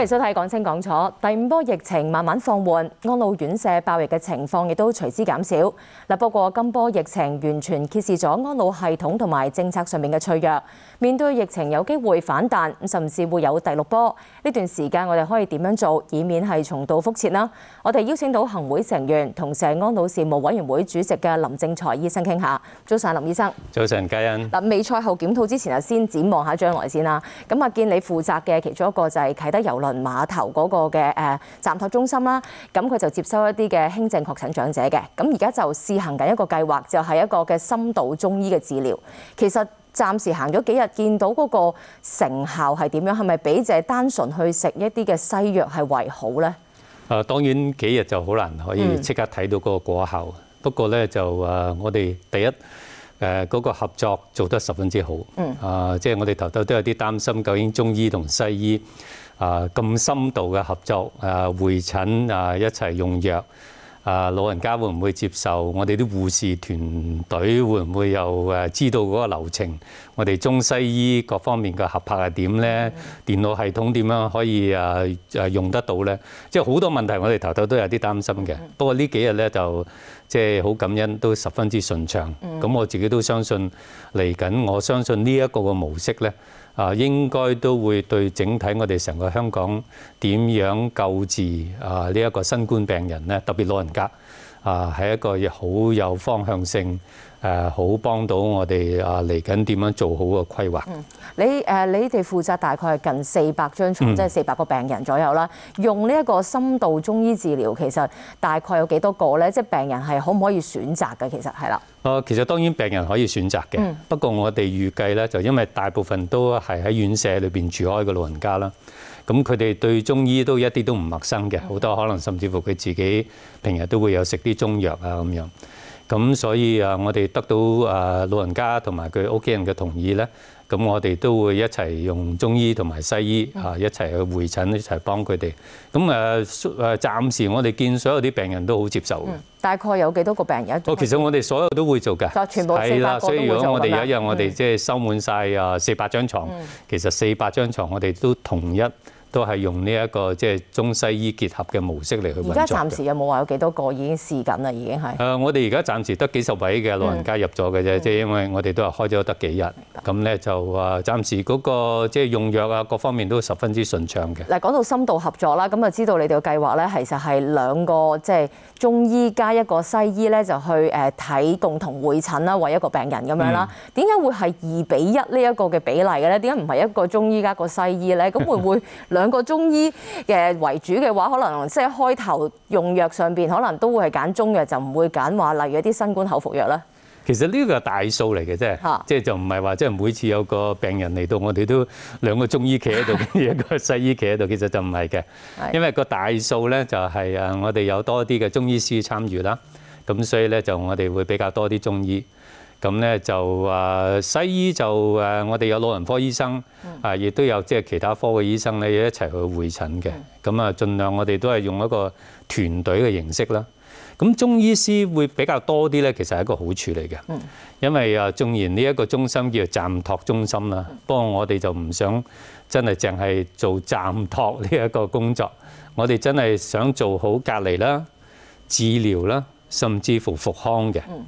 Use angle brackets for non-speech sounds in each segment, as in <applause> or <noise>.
歡迎收睇講清講楚，第五波疫情慢慢放緩，安老院舍爆疫嘅情況亦都隨之減少。嗱，不過今波疫情完全揭示咗安老系統同埋政策上面嘅脆弱。面對疫情有機會反彈，甚至會有第六波。呢段時間我哋可以點樣做，以免係重蹈覆轍呢？我哋邀請到行會成員同社安老事務委員會主席嘅林正財醫生傾下。早晨，林醫生。早晨，佳欣。嗱，未賽後檢討之前，就先展望下將來先啦。咁啊，見你負責嘅其中一個就係啟德郵輪碼頭嗰個嘅誒、呃、暫託中心啦。咁佢就接收一啲嘅輕症確診長者嘅。咁而家就試行緊一個計劃，就係、是、一個嘅深度中醫嘅治療。其實暫時行咗幾日，見到嗰個成效係點樣？係咪比就係單純去食一啲嘅西藥係為好咧？誒、啊、當然幾日就好難可以即刻睇到嗰個果效，嗯、不過咧就我哋第一誒嗰、啊嗰個合作做得十分之好，嗯啊，即係我哋頭頭都有啲擔心，究竟中醫同西醫啊咁深度嘅合作啊會診啊一齊用藥。啊！老人家會唔會接受？我哋啲護士團隊會唔會又誒知道嗰個流程？我哋中西醫各方面嘅合拍係點咧？電腦系統點樣可以誒誒用得到咧？即係好多問題，我哋頭頭都有啲擔心嘅。不過呢幾日咧，就即係好感恩，都十分之順暢。咁我自己都相信嚟緊，我相信呢一個嘅模式咧。啊，應該都會對整體我哋成個香港點樣救治啊，呢一個新冠病人咧，特別老人家。啊，係一個好有方向性，誒好幫到我哋啊嚟緊點樣做好個規劃。嗯，你誒、呃、你哋負責大概係近四百張床，嗯、即係四百個病人左右啦。用呢一個深度中醫治療，其實大概有幾多個咧？即係病人係可唔可以選擇嘅？其實係啦。誒、呃，其實當然病人可以選擇嘅、嗯。不過我哋預計咧，就因為大部分都係喺院舍裏邊住開嘅老人家啦。咁佢哋對中醫都一啲都唔陌生嘅，好多可能甚至乎佢自己平日都會有食啲中藥啊咁樣。咁所以啊，我哋得到啊老人家同埋佢屋企人嘅同意咧，咁我哋都會一齊用中醫同埋西醫啊一齊去會診，一齊幫佢哋。咁誒誒，暫時我哋見所有啲病人都好接受嘅。大概有幾多個病人一？哦，其實我哋所有都會做㗎。就全部四百個都會做啦。係啦，所以如果我哋有一日我哋即係收滿曬啊四百張牀，其實四百張牀我哋都同一。都係用呢、這、一個即係、就是、中西醫結合嘅模式嚟去。而家暫時有冇話有幾多個已經試緊啦，已經係？誒、呃，我哋而家暫時得幾十位嘅老人家入咗嘅啫，即、嗯、係因為我哋都係開咗得幾日。咁咧就誒，暫時嗰個即係用藥啊，各方面都十分之順暢嘅。嗱，講到深度合作啦，咁啊知道你哋嘅計劃咧，其實係兩個即係中醫加一個西醫咧，就去誒睇共同會診啦，為一個病人咁樣啦。點解會係二比一呢一個嘅比例嘅咧？點解唔係一個中醫加一個西醫咧？咁會唔會兩個中醫嘅為主嘅話，可能即係開頭用藥上邊，可能都會係揀中藥，就唔會揀話例如一啲新冠口服藥咧？其實呢個係大數嚟嘅，啫、啊，即係就唔係話即係每次有個病人嚟到我哋都兩個中醫企喺度， <laughs> 一個西醫企喺度，其實就唔係嘅。因為個大數咧就係、是、誒我哋有多啲嘅中醫師參與啦，咁所以咧就我哋會比較多啲中醫。咁咧就誒西醫就誒我哋有老人科醫生，啊、嗯、亦都有即係、就是、其他科嘅醫生咧一齊去會診嘅。咁、嗯、啊，盡量我哋都係用一個團隊嘅形式啦。咁中醫師會比較多啲咧，其實係一個好處嚟嘅、嗯，因為啊，縱然呢一個中心叫暫托中心、嗯、做暫托中心啦，不過我哋就唔想真係淨係做暫托呢一個工作，嗯、我哋真係想做好隔離啦、治療啦，甚至乎復康嘅、嗯。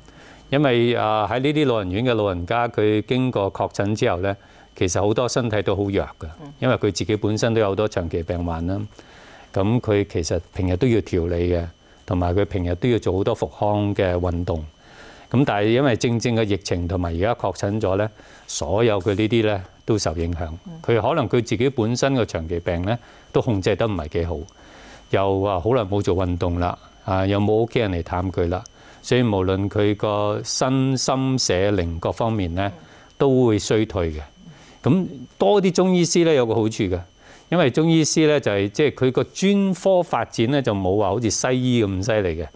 因為啊，喺呢啲老人院嘅老人家，佢經過確診之後咧，其實好多身體都好弱㗎、嗯，因為佢自己本身都有好多長期病患啦。咁佢其實平日都要調理嘅。同埋佢平日都要做好多復康嘅運動，咁但係因為正正嘅疫情同埋而家確診咗咧，所有佢呢啲咧都受影響。佢可能佢自己本身嘅長期病咧都控制得唔係幾好，又話好耐冇做運動啦，啊又冇屋企人嚟探佢啦，所以無論佢個身心社靈各方面咧都會衰退嘅。咁多啲中醫師咧有個好處嘅。因為中醫師咧就係即係佢個專科發展咧就冇話好似西醫咁犀利嘅，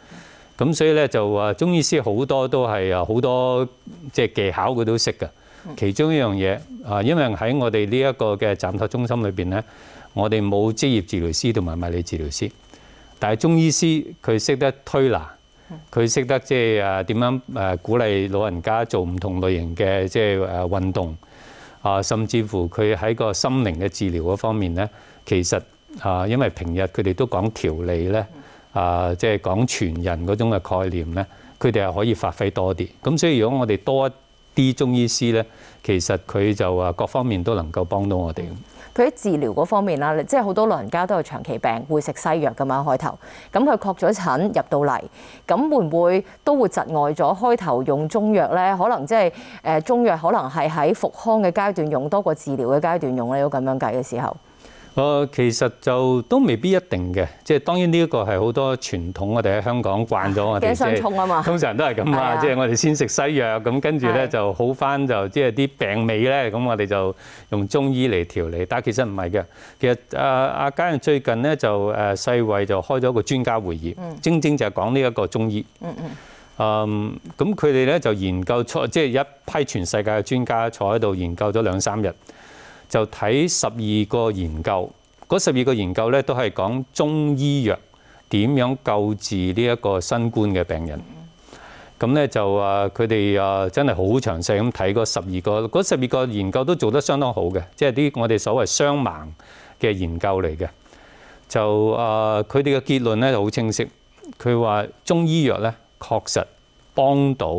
咁所以咧就話中醫師好多都係有好多即係技巧佢都識㗎。其中一樣嘢啊，因為喺我哋呢一個嘅暫託中心裏邊咧，我哋冇職業治療師同埋物理治療師，但係中醫師佢識得推拿，佢識得即係誒點樣誒鼓勵老人家做唔同類型嘅即係誒運動。啊，甚至乎佢喺個心靈嘅治療嗰方面咧，其實啊，因為平日佢哋都講調理咧，啊，即係講全人嗰種嘅概念咧，佢哋係可以發揮多啲。咁所以如果我哋多一啲中醫師咧，其實佢就話各方面都能夠幫到我哋。佢喺治療嗰方面啦，即係好多老人家都有長期病，會食西藥噉樣。開頭咁佢確咗診入到嚟，咁會唔會都會窒礙咗？開頭用中藥咧，可能即係誒中藥可能係喺復康嘅階段用多過治療嘅階段用咧，你都咁樣計嘅時候。我、呃、其實就都未必一定嘅，即係當然呢一個係好多傳統，我哋喺香港慣咗我哋通常都係咁啊，即係我哋先食西藥，咁、嗯、跟住咧就好返就即係啲病尾咧，咁我哋就用中醫嚟調理。但係其實唔係嘅，其實阿阿、啊、嘉仁最近咧就誒、啊、世衞就開咗個專家會議，嗯、正正就係講呢一個中醫。嗯嗯。嗯，咁佢哋咧就研究坐，即係一批全世界嘅專家坐喺度研究咗兩三日。就睇十二個研究，嗰十二個研究咧都係講中醫藥點樣救治呢一個新冠嘅病人。咁咧就啊，佢哋啊真係好詳細咁睇嗰十二個，嗰十二個研究都做得相當好嘅，即係啲我哋所謂雙盲嘅研究嚟嘅。就啊，佢哋嘅結論咧好清晰，佢話中醫藥咧確實幫到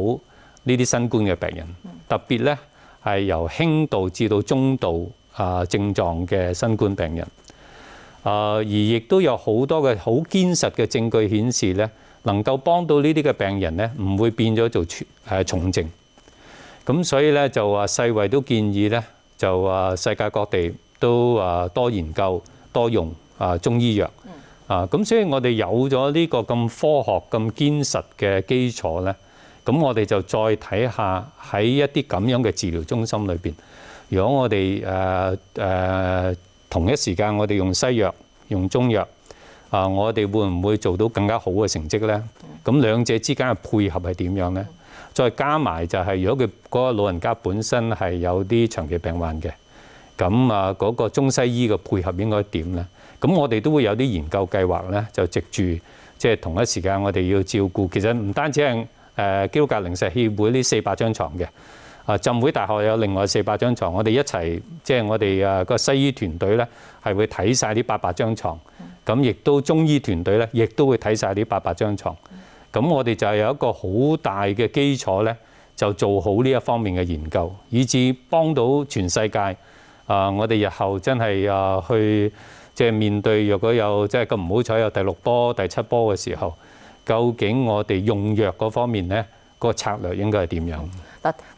呢啲新冠嘅病人，特別咧係由輕度至到中度。啊症狀嘅新冠病人。而亦都有好多嘅好堅實嘅證據顯示呢，能夠幫到呢啲嘅病人呢，唔會變咗做重症。如果我哋、呃呃、同一時間我哋用西藥用中藥啊、呃，我哋會唔會做到更加好嘅成績咧？咁兩者之間嘅配合係點樣咧？再加埋就係、是、如果佢嗰個老人家本身係有啲長期病患嘅，咁啊嗰個中西醫嘅配合應該點咧？咁我哋都會有啲研究計劃咧，就籍住即係同一時間我哋要照顧，其實唔單止係、呃、基督教靈實協會呢四百張床嘅。啊！浸會大學有另外四百張床，我哋一齊即係我哋啊個西醫團隊咧，係會睇晒呢八百張床；咁亦都中醫團隊咧，亦都會睇晒呢八百張床。咁我哋就係有一個好大嘅基礎咧，就做好呢一方面嘅研究，以至幫到全世界。啊！我哋日後真係啊去即係、就是、面對，若果有即係咁唔好彩有第六波、第七波嘅時候，究竟我哋用藥嗰方面咧、嗰個策略應該係點樣？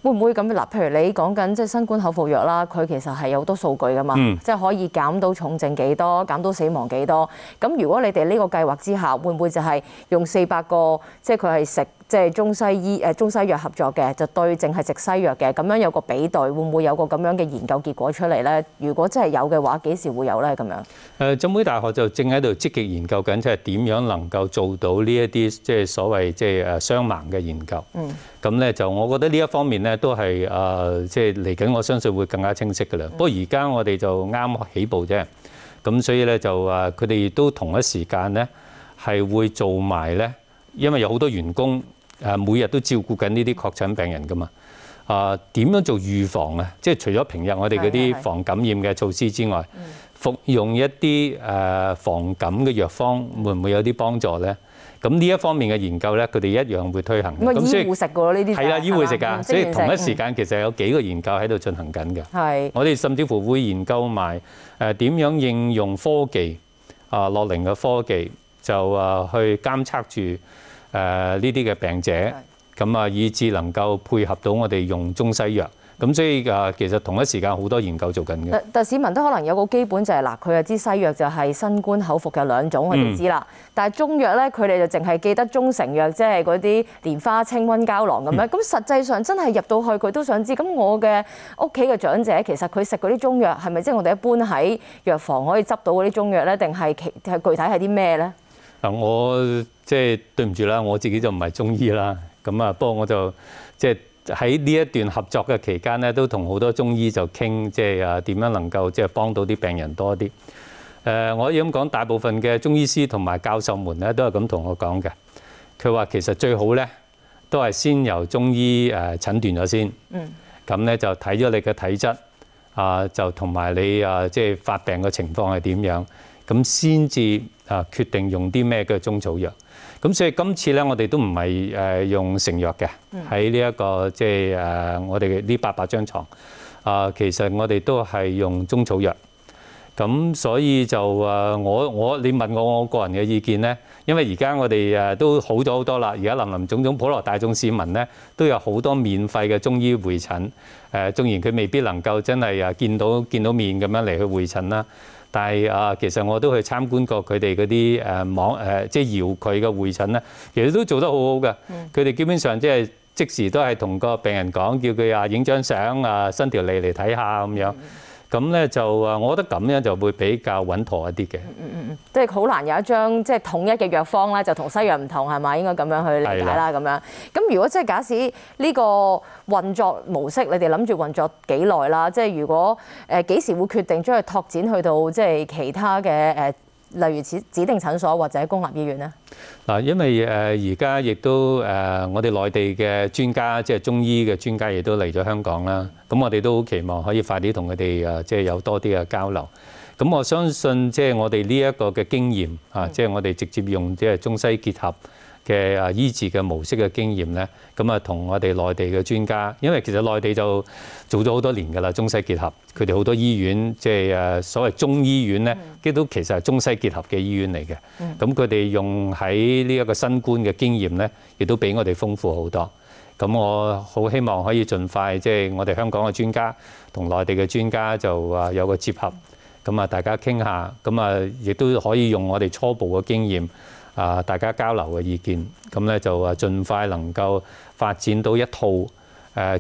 會唔會咁嗱？譬如你講緊即係新冠口服藥啦，佢其實係有好多數據噶嘛，嗯、即係可以減到重症幾多，減到死亡幾多。咁如果你哋呢個計劃之下，會唔會就係用四百個，即係佢係食？即係中西醫誒中西藥合作嘅，就對症係食西藥嘅，咁樣有個比對，會唔會有個咁樣嘅研究結果出嚟咧？如果真係有嘅話，幾時會有咧？咁樣誒，浸會大學就正喺度積極研究緊，即係點樣能夠做到呢一啲即係所謂即係誒雙盲嘅研究。嗯，咁咧就我覺得呢一方面咧都係誒即係嚟緊，我相信會更加清晰噶啦。不過而家我哋就啱起步啫，咁所以咧就誒佢哋亦都同一時間咧係會做埋咧，因為有好多員工。每日都照顧緊呢啲確診病人㗎嘛？啊、呃，點樣做預防啊？即係除咗平日我哋嗰啲防感染嘅措施之外，服用一啲、呃、防感嘅藥方，會唔會有啲幫助咧？咁呢一方面嘅研究咧，佢哋一樣會推行嘅。咁所以係啦、就是，醫會食㗎，所以同一時間、嗯、其實有幾個研究喺度進行緊嘅。係，我哋甚至乎會研究埋誒點樣應用科技啊、呃，諾靈嘅科技就、呃、去監測住。誒呢啲嘅病者，咁啊，以至能夠配合到我哋用中西藥，咁所以誒、啊，其實同一時間好多研究做緊嘅。但市民都可能有個基本就係、是，嗱、啊，佢係知西藥就係新冠口服嘅兩種，我哋知啦。嗯、但係中藥咧，佢哋就淨係記得中成藥，即係嗰啲蓮花清瘟膠囊咁樣。咁、嗯、實際上真係入到去，佢都想知。咁我嘅屋企嘅長者其實佢食嗰啲中藥係咪即係我哋一般喺藥房可以執到嗰啲中藥咧？定係其係具體係啲咩咧？我即係、就是、對唔住啦，我自己就唔係中醫啦。咁啊，不過我就即係喺呢一段合作嘅期間咧，都同好多中醫就傾，即係啊點樣能夠即係、就是、幫到啲病人多啲。誒、呃，我咁講，大部分嘅中醫師同埋教授們咧，都係咁同我講嘅。佢話其實最好咧，都係先由中醫誒、呃、診斷咗先。嗯。咁咧就睇咗你嘅體質，啊就同埋你啊即係、就是、發病嘅情況係點樣，咁先至。啊！決定用啲咩叫中草藥？咁所以今次咧，我哋都唔係誒用成藥嘅。喺呢一個即係誒，我哋呢八百張床，啊，其實我哋都係用中草藥。咁所以就誒，我我你問我我個人嘅意見咧，因為而家我哋誒都好咗好多啦。而家林林種種普羅大眾市民咧，都有好多免費嘅中醫會診。誒、啊，縱然佢未必能夠真係誒見到見到面咁樣嚟去會診啦。但係啊，其實我都去參觀過佢哋嗰啲誒網誒，即係遙距嘅會診咧，其實都做得好好嘅。佢、嗯、哋基本上即係即時都係同個病人講，叫佢啊影張相啊，伸條脷嚟睇下咁樣。咁咧就啊，我覺得咁樣就會比較穩妥一啲嘅。即係好難有一張即係統一嘅藥方啦，就同西藥唔同係咪？應該咁樣去理解啦，咁樣。咁如果即係假使呢個運作模式，你哋諗住運作幾耐啦？即係如果誒幾時會決定將佢拓展去到即係其他嘅誒，例如指指定診所或者公立醫院呢？嗱，因為誒而家亦都誒我哋內地嘅專家，即係中醫嘅專家，亦都嚟咗香港啦。咁我哋都好期望可以快啲同佢哋誒，即係有多啲嘅交流。咁我相信即係我哋呢一個嘅經驗啊，即係我哋直接用即係中西結合嘅啊醫治嘅模式嘅經驗咧。咁啊，同我哋內地嘅專家，因為其實內地就做咗好多年噶啦，中西結合佢哋好多醫院即係誒所謂中醫院咧，亦都其實係中西結合嘅醫院嚟嘅。咁佢哋用喺呢一個新冠嘅經驗咧，亦都比我哋豐富好多。咁我好希望可以盡快即係我哋香港嘅專家同內地嘅專家就啊有個結合。大家傾下，也亦都可以用我哋初步嘅經驗啊，大家交流嘅意見，就啊，盡快能夠發展到一套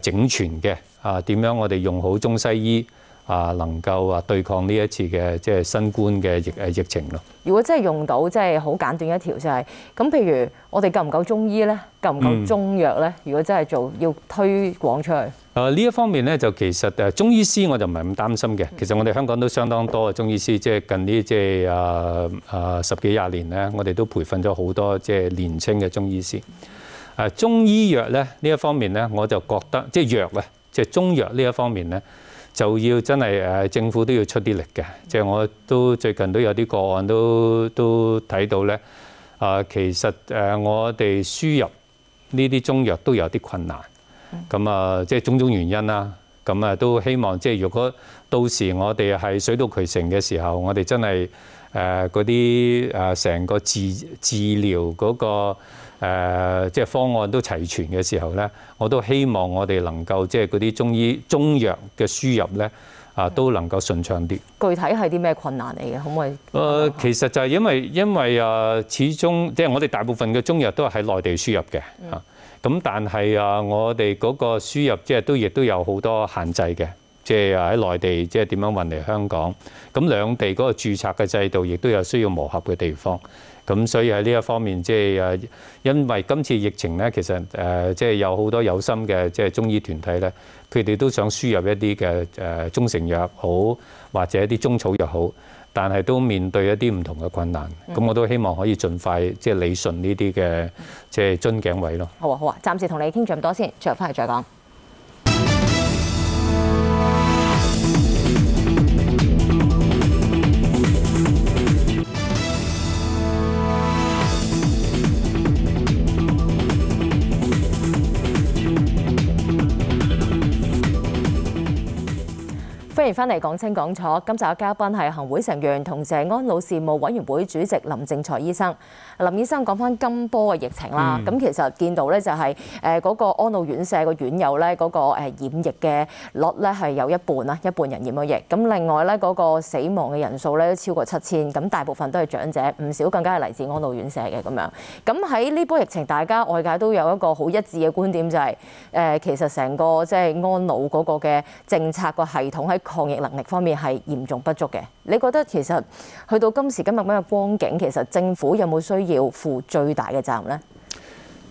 整全嘅啊，點樣我哋用好中西醫。啊，能夠啊對抗呢一次嘅即係新冠嘅疫疫情咯。如果真係用到，即係好簡短一條就係、是、咁。譬如我哋夠唔夠中醫咧？夠唔夠中藥咧、嗯？如果真係做，要推廣出去，誒、呃、呢一方面咧就其實誒中醫師我就唔係咁擔心嘅。其實我哋香港都相當多嘅中醫師，即、嗯、係近、啊、啲呢，即係啊啊十幾廿年咧，我哋都培訓咗好多即係年青嘅中醫師。誒、啊、中醫藥咧呢這一方面咧，我就覺得即係藥啊，即係中藥呢一方面咧。就要真係誒，政府都要出啲力嘅。即係我都最近都有啲個案都都睇到咧。啊，其實誒，我哋輸入呢啲中藥都有啲困難，咁啊，即係種種原因啦。咁啊，都希望即係如果到時我哋係水到渠成嘅時候，我哋真係誒嗰啲誒成個治治療嗰個。誒、呃、即係方案都齊全嘅時候咧，我都希望我哋能夠即係嗰啲中醫中藥嘅輸入咧啊，都能夠順暢啲。具體係啲咩困難嚟嘅？可唔可以？誒、呃，其實就係因為因為啊，始終即係我哋大部分嘅中藥都係喺內地輸入嘅嚇。咁、嗯啊、但係啊，我哋嗰個輸入即係都亦都有好多限制嘅，即係喺內地即係點樣運嚟香港？咁兩地嗰個註冊嘅制度亦都有需要磨合嘅地方。咁所以喺呢一方面，即係誒，因為今次疫情咧，其實誒，即係有好多有心嘅即係中醫團體咧，佢哋都想輸入一啲嘅誒中成藥好，或者啲中草藥好，但係都面對一啲唔同嘅困難，咁、嗯、我都希望可以盡快即係理順呢啲嘅即係樽頸位咯。好啊，好啊，暫時同你傾咁多先，最後翻嚟再講。翻嚟講清講楚，今集嘅嘉賓係行會成員同謝安老事務委員會主席林正財醫生。林醫生講翻今波嘅疫情啦，咁、嗯、其實見到咧就係誒嗰個安老院舍個院友咧嗰、那個誒染疫嘅率咧係有一半啦，一半人染咗疫。咁另外咧嗰、那個死亡嘅人數咧都超過七千，咁大部分都係長者，唔少更加係嚟自安老院舍嘅咁樣。咁喺呢波疫情，大家外界都有一個好一致嘅觀點，就係、是、誒、呃、其實成個即係、就是、安老嗰個嘅政策個系統喺抗疫能力方面係嚴重不足嘅。你覺得其實去到今時今日咁嘅光景，其實政府有冇需要？要負最大嘅責任咧。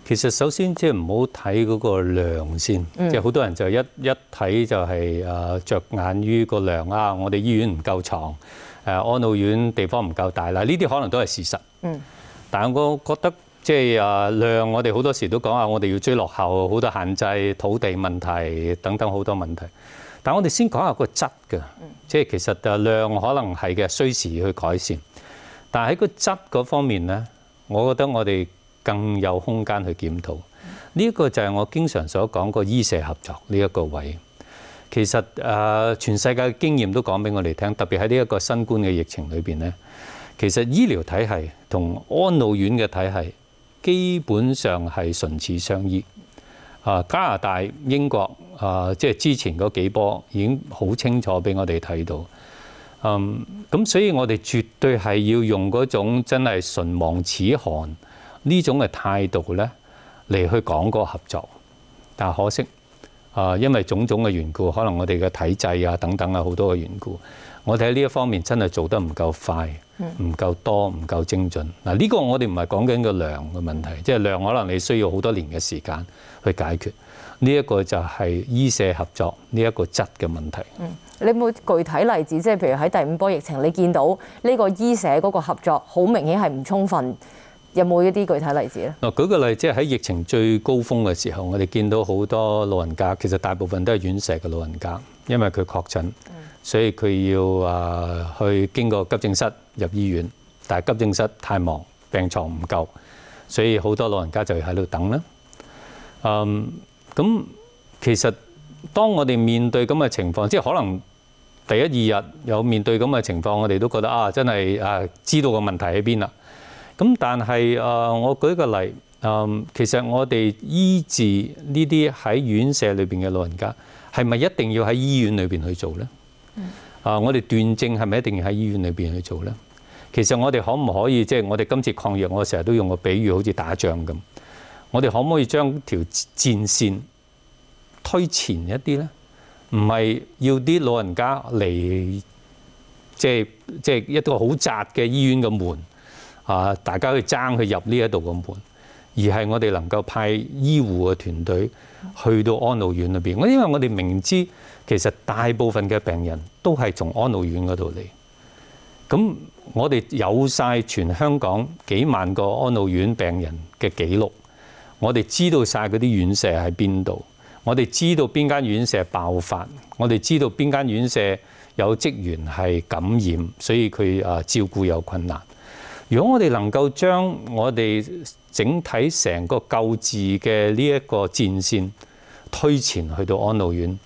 其實首先即係唔好睇嗰個量先，即、嗯、好、就是、多人就一一睇就係誒着眼於個量啊。我哋醫院唔夠牀，啊，安老院地方唔夠大啦。呢啲可能都係事實。嗯。但係我覺得即係、就是、量我，我哋好多時都講下，我哋要追落後，好多限制、土地問題等等好多問題。但係我哋先講下個質㗎、嗯。即係其實量可能係嘅，需時要去改善。但係喺個質嗰方面咧。我覺得我哋更有空間去檢討呢一個就係我經常所講個醫社合作呢一個位。其實誒全世界嘅經驗都講俾我哋聽，特別喺呢一個新冠嘅疫情裏邊咧，其實醫療體系同安老院嘅體系基本上係唇齒相依。加拿大、英國啊，即係之前嗰幾波已經好清楚俾我哋睇到。嗯，咁所以我哋絕對係要用嗰種真係唇亡齒寒呢種嘅態度咧，嚟去講個合作。但係可惜，啊，因為種種嘅緣故，可能我哋嘅體制啊等等啊好多嘅緣故，我哋喺呢一方面真係做得唔夠快，唔夠多，唔夠精準。嗱，呢個我哋唔係講緊個量嘅問題，即係量可能你需要好多年嘅時間去解決。呢一個就係醫社合作呢一個質嘅問題。嗯，你有冇具體例子？即係譬如喺第五波疫情，你見到呢個醫社嗰個合作好明顯係唔充分，有冇一啲具體例子咧？嗱，舉個例子，即係喺疫情最高峰嘅時候，我哋見到好多老人家，其實大部分都係院舍嘅老人家，因為佢確診，所以佢要啊去經過急症室入醫院，但係急症室太忙，病床唔夠，所以好多老人家就要喺度等啦。嗯。咁其實當我哋面對咁嘅情況，即係可能第一二日有面對咁嘅情況，我哋都覺得啊，真係啊，知道個問題喺邊啦。咁但係啊，我舉個例，嗯，其實我哋醫治呢啲喺院舍裏邊嘅老人家，係咪一定要喺醫院裏邊去做呢？啊、嗯，我哋斷症係咪一定要喺醫院裏邊去做呢？其實我哋可唔可以即係、就是、我哋今次抗疫，我成日都用個比喻，好似打仗咁，我哋可唔可以將條戰線推前一啲咧，唔係要啲老人家嚟，即係即係一個好窄嘅醫院嘅門啊，大家去爭去入呢一度嘅門，而係我哋能夠派醫護嘅團隊去到安老院裏邊。我因為我哋明知其實大部分嘅病人都係從安老院嗰度嚟。咁我哋有晒全香港幾萬個安老院病人嘅記錄，我哋知道晒嗰啲院舍喺邊度。我哋知道邊間院舍爆發，我哋知道邊間院舍有職員係感染，所以佢啊照顧有困難。如果我哋能夠將我哋整體成個救治嘅呢一個戰線推前去到安老院，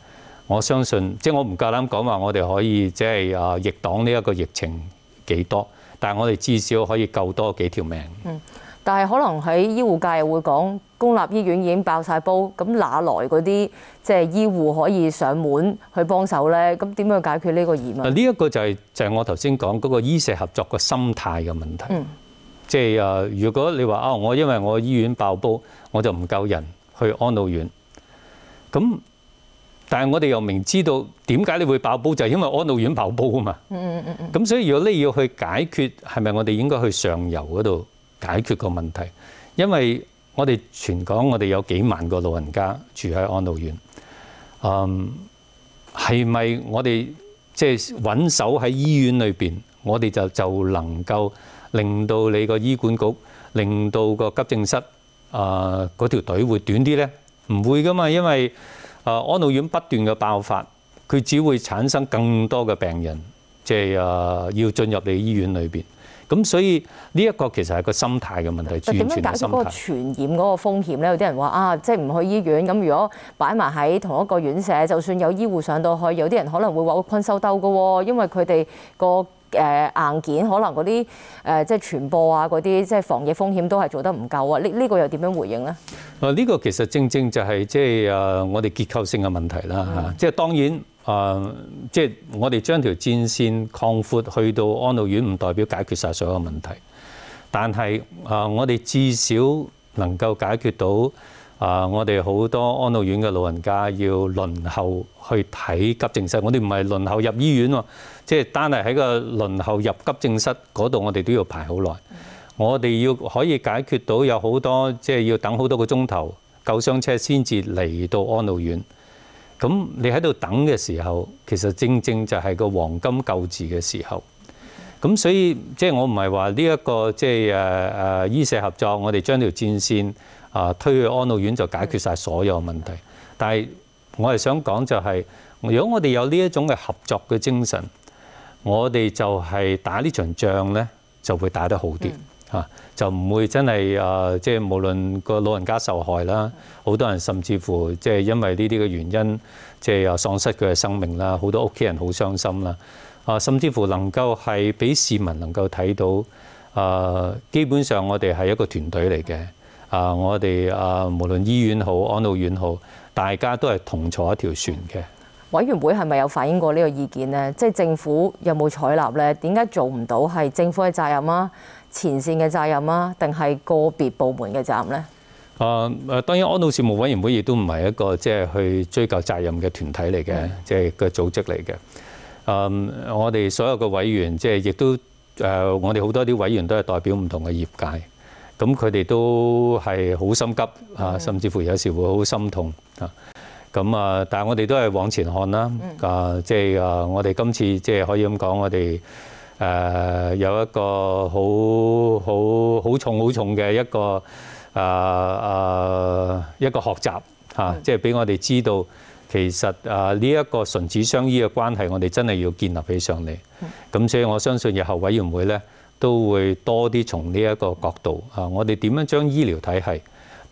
我相信即係我唔夠膽講話我哋可以即係啊逆擋呢一個疫情幾多，但係我哋至少可以救多幾條命。嗯，但係可能喺醫護界又會講。公立醫院已經爆晒煲，咁哪來嗰啲即係醫護可以上門去幫手咧？咁點樣解決呢個疑問？呢、這、一個就係、是、就是、我頭先講嗰個醫社合作嘅心態嘅問題，即係啊，如果你話啊、哦，我因為我醫院爆煲，我就唔夠人去安老院咁，但係我哋又明知道點解你會爆煲，就係、是、因為安老院爆煲啊嘛。嗯咁、嗯嗯、所以如果你要去解決，係咪我哋應該去上游嗰度解決個問題？因為我哋全港我哋有幾萬個老人家住喺安老院，嗯，係咪我哋即係穩守喺醫院裏邊，我哋就就能夠令到你個醫管局、令到個急症室啊嗰條隊會短啲咧？唔會噶嘛，因為啊安老院不斷嘅爆發，佢只會產生更多嘅病人，即係啊要進入你醫院裏邊。咁所以呢一個其實係個心態嘅問題，完全嘅心態。點樣解決嗰個傳染嗰個風險咧？有啲人話啊，即係唔去醫院咁。如果擺埋喺同一個院舍，就算有醫護上到去，有啲人可能會話會困獸鬥㗎喎，因為佢哋個誒硬件可能嗰啲誒即係傳播啊嗰啲即係防疫風險都係做得唔夠啊！呢、這、呢個又點樣回應咧？啊，呢個其實正正就係、是、即係誒、啊、我哋結構性嘅問題啦嚇、嗯啊，即係當然。誒，即係我哋將條戰線擴闊去到安老院，唔代表解決晒所有問題。但係、uh, 我哋至少能夠解決到、uh, 我哋好多安老院嘅老人家要輪候去睇急症室。我哋唔係輪候入醫院喎，即係單係喺個輪候入急症室嗰度，我哋都要排好耐。我哋要可以解決到有好多，即係要等好多個鐘頭救傷車先至嚟到安老院。咁你喺度等嘅時候，其實正正就係個黃金救治嘅時候。咁所以即係我唔係話呢一個即係誒誒醫社合作，我哋將條戰線啊推去安老院就解決晒所有問題。但係我係想講就係、是，如果我哋有呢一種嘅合作嘅精神，我哋就係打呢場仗咧就會打得好啲。啊！就唔會真係誒，即係無論個老人家受害啦，好多人甚至乎即係因為呢啲嘅原因，即係又喪失佢嘅生命啦，好多屋企人好傷心啦。啊，甚至乎能夠係俾市民能夠睇到，誒，基本上我哋係一個團隊嚟嘅。啊，我哋啊，無論醫院好、安老院好，大家都係同坐一條船嘅。委員會係咪有反映過呢個意見呢？即係政府有冇採納呢？點解做唔到？係政府嘅責任啊，前線嘅責任啊，定係個別部門嘅責任呢？誒誒，當然安老事務委員會亦都唔係一個即係去追究責任嘅團體嚟嘅，即係個組織嚟嘅。誒，我哋所有嘅委員即係亦都誒，我哋好多啲委員都係代表唔同嘅業界，咁佢哋都係好心急啊，甚至乎有時會好心痛啊。咁啊！但係我哋都係往前看啦，嗯。啊，即係啊，我哋今次即係、就是、可以咁講，我哋誒、呃、有一個好好好重好重嘅一個啊啊一個學習嚇，即係俾我哋知道，其實啊呢一、這個唇齒相依嘅關係，我哋真係要建立起上嚟。咁所以我相信日後委員會咧都會多啲從呢一從這個角度啊，我哋點樣將醫療體系，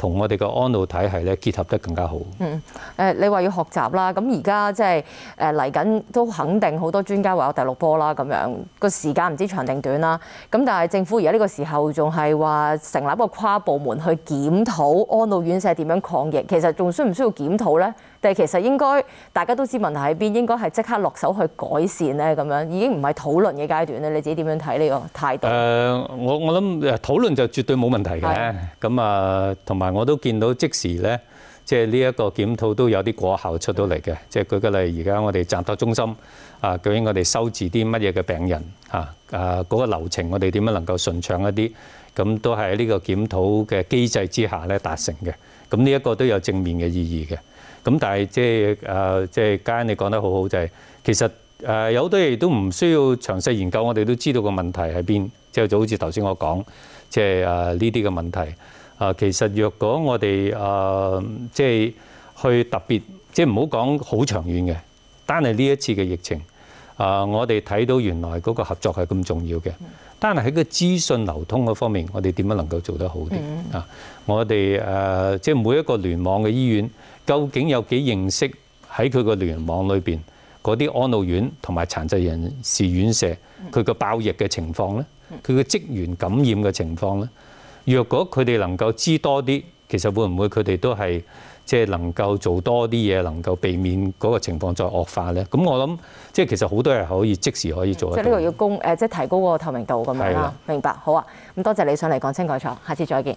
同我哋嘅安老體系咧結合得更加好。嗯，誒，你話要學習啦，咁而家即係誒嚟緊都肯定好多專家話有第六波啦，咁樣個時間唔知道長定短啦。咁但係政府而家呢個時候仲係話成立一個跨部門去檢討安老院舍點樣抗疫，其實仲需唔需要檢討咧？但係，其實應該大家都知問題喺邊，應該係即刻落手去改善咧。咁樣已經唔係討論嘅階段咧。你自己點樣睇呢個態度？誒，我我諗誒討論就絕對冇問題嘅。咁啊，同埋我都見到即時咧，即係呢一個檢討都有啲果效出到嚟嘅。即係舉個例，而家我哋暫託中心啊，究竟我哋收治啲乜嘢嘅病人啊？誒，嗰個流程我哋點樣能夠順暢一啲？咁都係喺呢個檢討嘅機制之下咧達成嘅。咁呢一個都有正面嘅意義嘅。咁但係即係誒，即係嘉欣你講得好好就係，其實誒有好多嘢都唔需要詳細研究，我哋都知道個問題喺邊，即係就好似頭先我講，即係誒呢啲嘅問題。誒其實若果我哋誒即係去特別，即係唔好講好長遠嘅，單係呢一次嘅疫情，誒我哋睇到原來嗰個合作係咁重要嘅，單係喺個資訊流通嘅方面，我哋點樣能夠做得好啲啊？Mm. 我哋誒即係每一個聯網嘅醫院。究竟有幾認識喺佢個聯網裏邊嗰啲安老院同埋殘疾人士院舍佢個爆疫嘅情況咧，佢個職員感染嘅情況咧？若果佢哋能夠知多啲，其實會唔會佢哋都係即係能夠做多啲嘢，能夠避免嗰個情況再惡化咧？咁我諗即係其實好多人可以即時可以做得到。即係呢個要公誒，即係提高個透明度咁樣啦。明白，好啊。咁多謝你上嚟講清講楚，下次再見。